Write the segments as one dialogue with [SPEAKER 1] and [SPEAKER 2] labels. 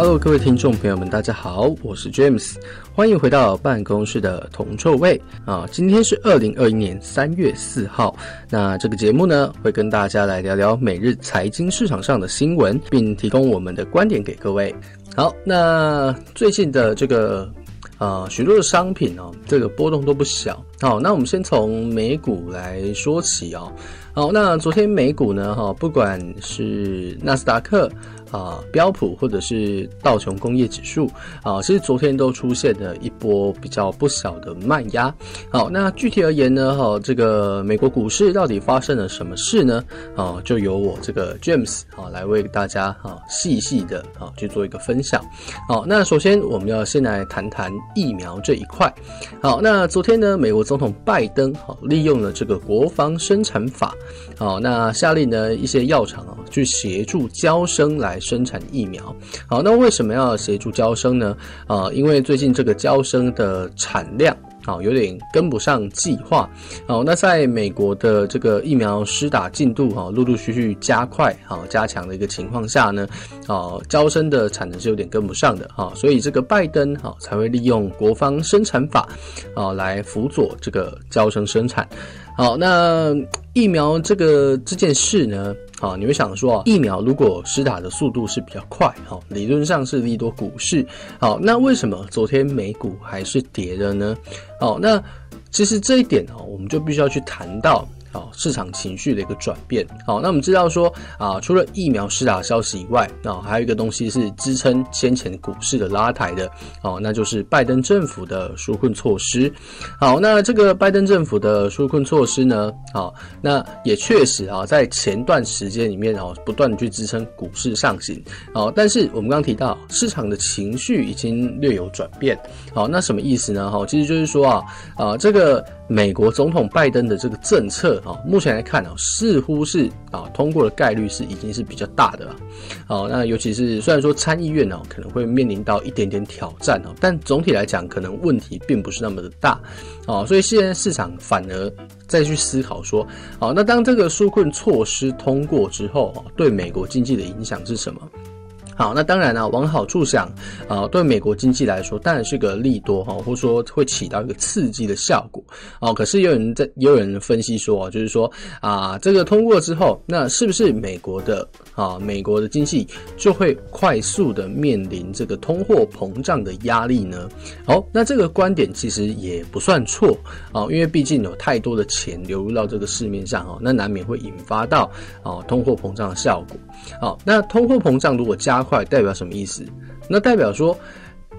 [SPEAKER 1] Hello，各位聽眾朋友們，大家好，我是 James，歡迎回到辦公室的銅臭味啊！今天是二零二一年三月四號，那這個節目呢，會跟大家來聊聊每日財經市場上的新聞，並提供我們的觀點給各位。好，那最近的這個呃、啊，許多的商品呢、哦，這個波動都不小。好，那我們先從美股來說起哦。好，那昨天美股呢，哈、哦，不管是納斯達克啊、哦、標普或者是道瓊工業指數啊、哦，其實昨天都出現了一波比較不小的賣壓。好，那具體而言呢，哈、哦，這個美國股市到底發生了什麼事呢？啊、哦，就由我這個 James 啊、哦、來為大家啊細細的啊、哦、去做一個分享。好，那首先我們要先來談談疫苗這一塊。好，那昨天呢，美國。總統拜登好，利用了這個國防生產法，好，那下令呢，一些藥廠啊去協助嬌生來生產疫苗，好，那為什麼要協助嬌生呢？啊，因為最近這個嬌生的產量。好，有點跟不上計劃。好，那在美國的這個疫苗施打進度哈，陸陸續續加快，好，加強的一個情況下呢，好，嬌生的產能是有點跟不上的哈，所以這個拜登哈才會利用國防生產法，啊，來輔佐這個嬌生生產。好，那疫苗這個這件事呢？好，你會想說啊，疫苗如果施打的速度是比較快，哈，理論上是利多股市。好，那為什麼昨天美股還是跌的呢？好，那其實這一點哦，我們就必須要去談到。哦，市場情緒的一個轉變。好、哦，那我們知道說啊，除了疫苗施打消息以外，啊、哦、還有一個東西是支撐先前股市的拉抬的。哦，那就是拜登政府的紓困措施。好，那這個拜登政府的紓困措施呢，好、哦，那也確實啊，在前段時間裡面哦，不斷的去支撐股市上行。哦，但是我們剛剛提到，市場的情緒已經略有轉變。好、哦，那什麼意思呢？哈、哦，其實就是說啊，啊，這個美國總統拜登的這個政策，目前來看似乎是啊通過的概率，是已經是比較大的了。哦、啊，那尤其是雖然說參議院、啊、可能會面臨到一點點挑戰哦、啊，但總體來講可能問題並不是那麼的大。哦、啊，所以現在市場反而再去思考說，哦、啊，那當這個紓困措施通過之後，啊，對美國經濟的影響是什麼？好，那當然啊，往好處想，啊，對美國經濟來說當然是個利多哈，或者說會起到一個刺激的效果哦、啊。可是也有人在，也有,有人分析說啊，就是說啊，這個通過之後，那是不是美國的啊，美國的經濟就會快速的面臨這個通貨膨脹的壓力呢？好、哦，那這個觀點其實也不算錯啊，因為畢竟有太多的錢流入到這個市面上哦、啊，那難免會引發到啊通貨膨脹的效果。好、啊，那通貨膨脹如果加快快代表什麼意思？那代表說，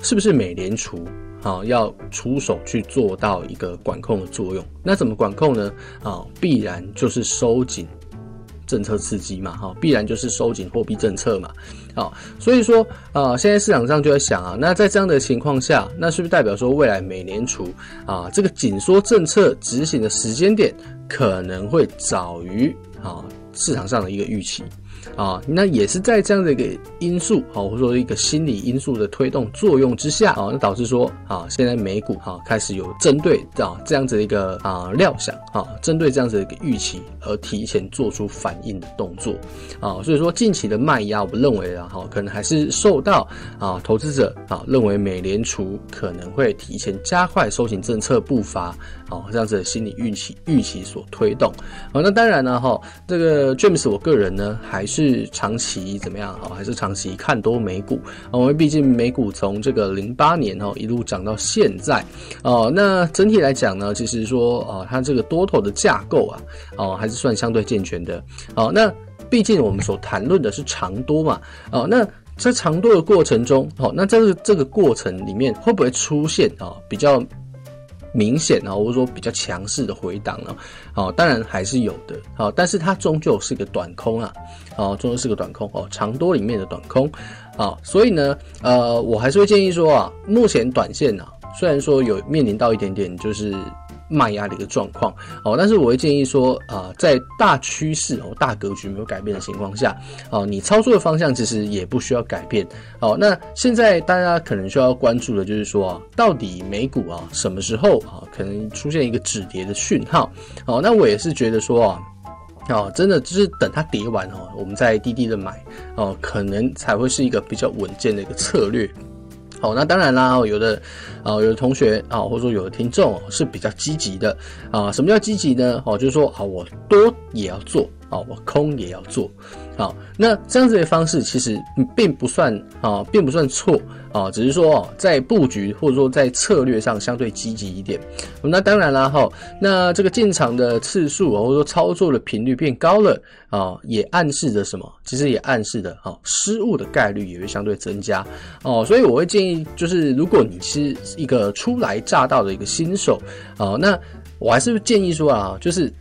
[SPEAKER 1] 是不是美聯儲啊要出手去做到一個管控的作用？那怎麼管控呢？啊，必然就是收緊政策刺激嘛，哈、啊，必然就是收緊貨幣政策嘛，好、啊，所以說啊，現在市場上就在想啊，那在這樣的情況下，那是不是代表說未來美聯儲啊這個緊縮政策執行的時間點可能會早於啊市場上的一個預期？啊，那也是在這樣的一個因素好，或者說一個心理因素的推動作用之下啊，那導致說啊，現在美股哈、啊、開始有針對啊這樣子的一個啊料想啊，針對這樣子的一個預期而提前做出反應的動作啊，所以說近期的賣壓，我們認為啊，哈，可能還是受到啊投資者啊認為美聯儲可能會提前加快收緊政策步伐，啊，這樣子的心理預期預期所推動啊，那當然呢哈、啊，這個 James 我個人呢還。是長期怎麼樣好，還是長期看多美股？我們畢竟美股從這個零八年一路漲到現在哦。那整體來講呢，其實說它這個多頭的架構啊哦，還是算相對健全的。那畢竟我們所談論的是長多嘛。哦，那在長多的過程中，哦，那在這這個過程裡面會不會出現啊比較？明顯啊，或者說比較強勢的回檔呢、啊，啊、哦，當然還是有的，啊、哦，但是它終究是個短空啊，啊、哦，終究是個短空哦，長多裡面的短空，啊、哦，所以呢，呃，我還是會建議說啊，目前短線呢、啊，雖然說有面臨到一點點就是。賣壓的一個狀況哦，但是我會建議說啊，在大趨勢哦、大格局沒有改變的情況下哦，你操作的方向其實也不需要改變哦。那現在大家可能需要關注的就是說，到底美股啊什麼時候啊可能出現一個止跌的訊號？哦，那我也是覺得說啊，哦，真的就是等它跌完哦，我們再低低的買哦，可能才會是一個比較穩健的一個策略。好，那當然啦，有的，啊，有的同學啊，或者說有的聽眾是比較積極的，啊，什麼叫積極呢？哦，就是說，好，我多也要做，哦，我空也要做。好、哦，那這樣子的方式其實並不算啊、哦，並不算錯啊、哦，只是說、哦、在布局或者說在策略上相對積極一點。那當然啦，哈、哦，那這個進場的次數或者說操作的頻率變高了啊、哦，也暗示着什麼？其實也暗示着啊、哦，失誤的概率也會相對增加哦。所以我會建議，就是如果你是一個初來乍到的一個新手啊、哦，那我還是建議說啊，就是。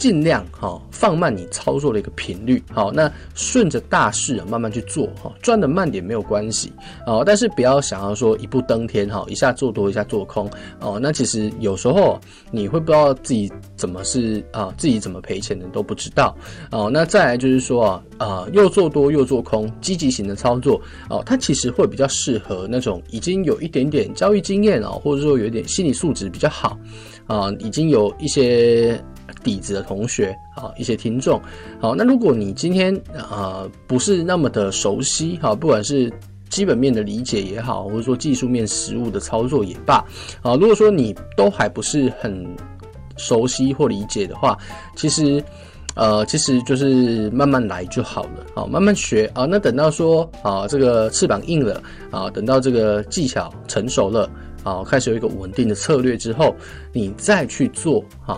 [SPEAKER 1] 盡量哈、哦、放慢你操作的一個頻率，好、哦，那順着大勢啊慢慢去做哈，賺、哦、的慢點沒有關係哦，但是不要想要說一步登天哈、哦，一下做多一下做空哦，那其實有時候你會不知道自己怎麼是啊，自己怎麼賠錢的都不知道哦。那再來就是說啊，呃、又做多又做空，積極型的操作哦，它其實會比較適合那種已經有一點點交易經驗、哦、或者說有一點心理素質比較好啊、哦，已經有一些。底子的同學啊，一些聽眾，好，那如果你今天啊、呃、不是那麼的熟悉哈，不管是基本面的理解也好，或者說技術面實務的操作也罷，啊，如果說你都還不是很熟悉或理解的話，其實呃，其實就是慢慢來就好了，好，慢慢學啊。那等到說啊這個翅膀硬了啊，等到這個技巧成熟了，啊，開始有一個穩定的策略之後，你再去做啊。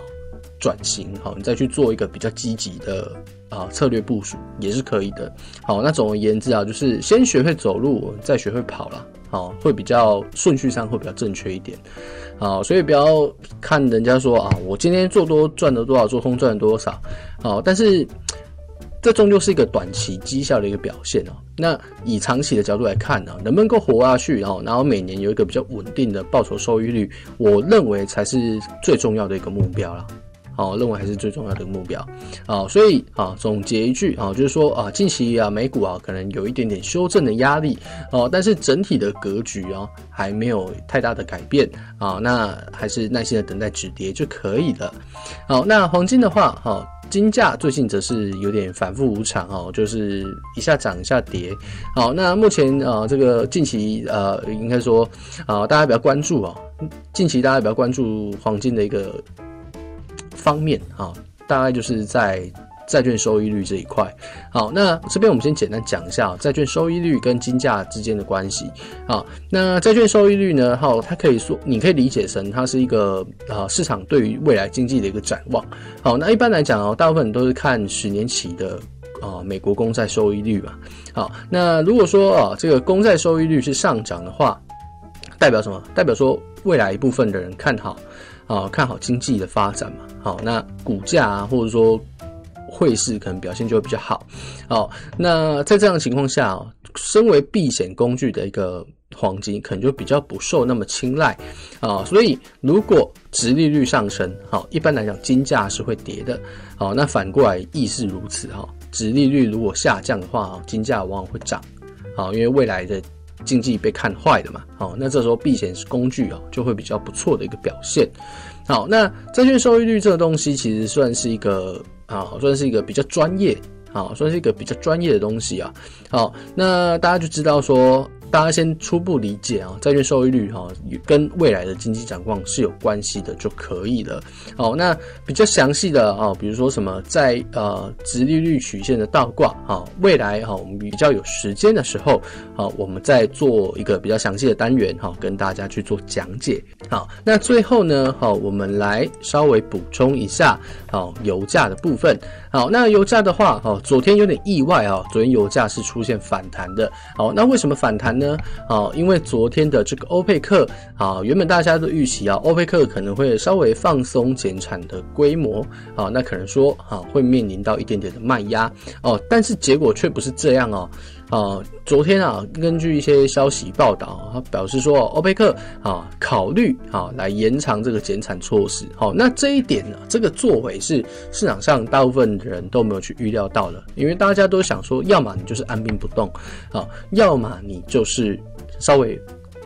[SPEAKER 1] 轉型好，你再去做一個比較積極的啊策略部署也是可以的。好，那總而言之啊，就是先學會走路，再學會跑啦。好，會比較順序上會比較正確一點。好，所以不要看人家說啊，我今天做多賺了多少，做空賺了多少。好，但是這終究是一個短期績效的一個表現啊。那以長期的角度來看呢、啊，能不能夠活下去，然後每年有一個比較穩定的報酬收益率，我認為才是最重要的一個目標啦。哦，認為還是最重要的目標，哦，所以啊、哦，總結一句啊、哦，就是說啊，近期啊，美股啊，可能有一點點修正的壓力，哦，但是整體的格局哦、啊，還沒有太大的改變，啊、哦，那還是耐心的等待止跌就可以了。好、哦，那黃金的話，哈、哦，金價最近則是有點反復無常，哦，就是一下漲一下跌。好、哦，那目前啊、哦，這個近期呃，應該說啊、哦，大家比較關注哦，近期大家比較關注黃金的一個。方面啊，大概就是在債券收益率這一塊。好，那這邊我們先簡單講一下債券收益率跟金價之間的關係。好，那債券收益率呢，好，它可以說你可以理解成它是一個啊市場對於未來經濟的一個展望。好，那一般來講哦，大部分都是看十年期的啊美國公債收益率吧。好，那如果說啊這個公債收益率是上漲的話，代表什麼？代表說未來一部分的人看好。啊、哦，看好經濟的發展嘛。好、哦，那股價、啊、或者說匯市可能表現就會比較好。好、哦，那在這樣的情況下、哦、身為避險工具的一個黃金，可能就比較不受那麼青睞啊、哦。所以，如果殖利率上升，好、哦，一般來講金價是會跌的。好、哦，那反過來亦是如此哈、哦。殖利率如果下降的話，金價往往會漲。好、哦，因為未來的。經濟被看壞的嘛，好，那這時候避險工具啊，就會比較不錯的一個表現。好，那債券收益率這個東西其實算是一個啊，算是一個比較專業啊，算是一個比較專業的東西啊。好，那大家就知道說。大家先初步理解啊，債券收益率哈、啊、跟未來的經濟展望是有關係的就可以了。好，那比較詳細的哦、啊，比如說什麼在呃，殖利率曲線的倒掛好、啊，未來哈我們比較有時間的時候，好、啊，我們再做一個比較詳細的單元哈、啊，跟大家去做講解。好，那最後呢，好、啊，我們來稍微補充一下好、啊、油價的部分。好，那油價的話，哦、啊，昨天有點意外啊，昨天油價是出現反彈的。好，那為什麼反彈呢？呢？啊、哦，因為昨天的這個歐佩克啊、哦，原本大家都預期啊，歐佩克可能會稍微放鬆減產的規模啊、哦，那可能說啊、哦，會面臨到一點點的賣壓哦，但是結果卻不是這樣哦。啊、嗯，昨天啊，根據一些消息報道，他表示說，歐佩克啊，考慮啊來延長這個減產措施。好、啊，那這一點呢、啊，這個作為是市場上大部分的人都沒有去預料到的，因為大家都想說，要麼你就是按兵不動，啊，要麼你就是稍微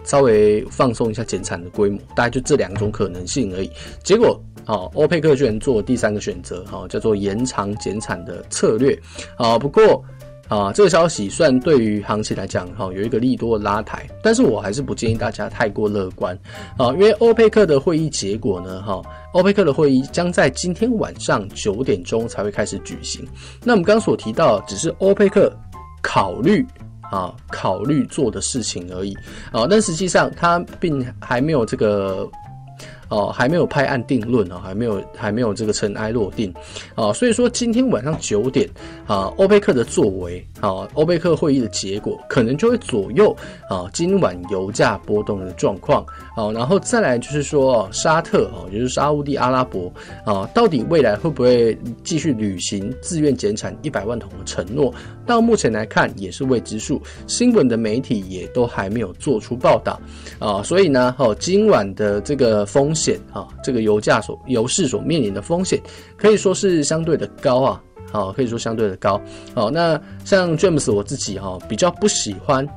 [SPEAKER 1] 稍微放鬆一下減產的規模，大概就這兩種可能性而已。結果啊，歐佩克居然做了第三個選擇，好、啊，叫做延長減產的策略。啊不過。啊，這個消息算對於行情來講哈、哦，有一個利多的拉抬，但是我還是不建議大家太過樂觀啊，因為歐佩克的會議結果呢，哈、哦，歐佩克的會議將在今天晚上九點鐘才會開始舉行。那我們剛剛所提到，只是歐佩克考慮啊，考慮做的事情而已啊，但實際上他並還沒有這個。哦，還沒有拍案定論哦，還沒有，還沒有這個塵埃落定，哦，所以說今天晚上九點啊，哦、歐佩克的作為啊，哦、歐佩克會議的結果，可能就會左右啊、哦、今晚油價波動的狀況，好、哦，然後再來就是說、哦、沙特哦，也就是沙烏地阿拉伯啊、哦，到底未來會不會繼續履行自願減產一百萬桶的承諾？到目前來看也是未知數，新聞的媒體也都還沒有做出報道，啊、哦，所以呢，哦，今晚的這個風。險啊，這個油價所、油市所面臨的風險可以說是相對的高啊，好、啊，可以說相對的高。好、啊，那像 James 我自己哈、啊，比較不喜歡，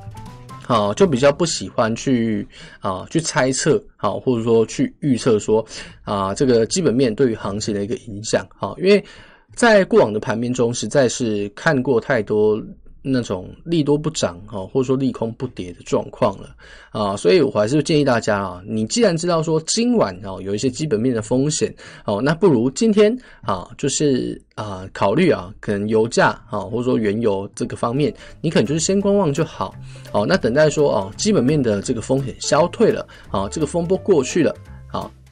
[SPEAKER 1] 好、啊，就比較不喜歡去啊去猜測啊，或者說去預測說啊這個基本面對於行情的一個影響，好、啊，因為在過往的盤面中，實在是看過太多。那種利多不漲哦，或者說利空不跌的狀況了啊，所以我還是建議大家啊，你既然知道說今晚哦有一些基本面的風險哦，那不如今天啊，就是啊考慮啊，可能油價啊或者說原油這個方面，你可能就是先觀望就好哦，那等待說哦基本面的這個風險消退了啊，這個風波過去了。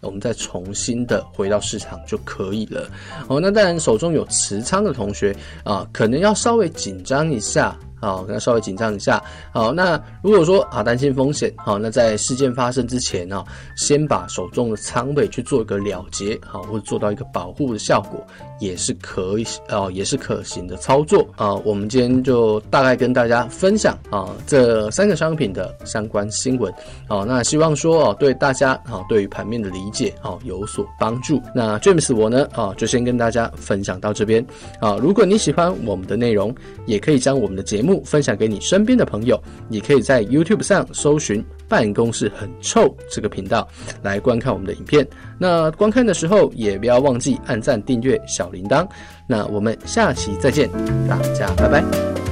[SPEAKER 1] 我們再重新的回到市場就可以了。哦，那當然，手中有持倉的同學啊，可能要稍微緊張一下。啊，跟他、哦、稍微緊張一下。好、哦，那如果說啊擔心風險，好、哦，那在事件發生之前啊、哦，先把手中的倉位去做一個了結，好、哦，或做到一個保護的效果，也是可以，哦，也是可行的操作。啊、哦，我們今天就大概跟大家分享啊、哦、這三個商品的相關新聞。好、哦，那希望說哦對大家啊、哦、對於盤面的理解哦有所幫助。那 James 我呢啊、哦、就先跟大家分享到這邊。啊、哦，如果你喜歡我們的內容，也可以將我們的節目。分享給你身邊的朋友，你可以在 YouTube 上搜尋“辦公室很臭”這個頻道來觀看我們的影片。那觀看的時候也不要忘記按讚、訂閱、小鈴鐺。那我們下期再見，大家拜拜。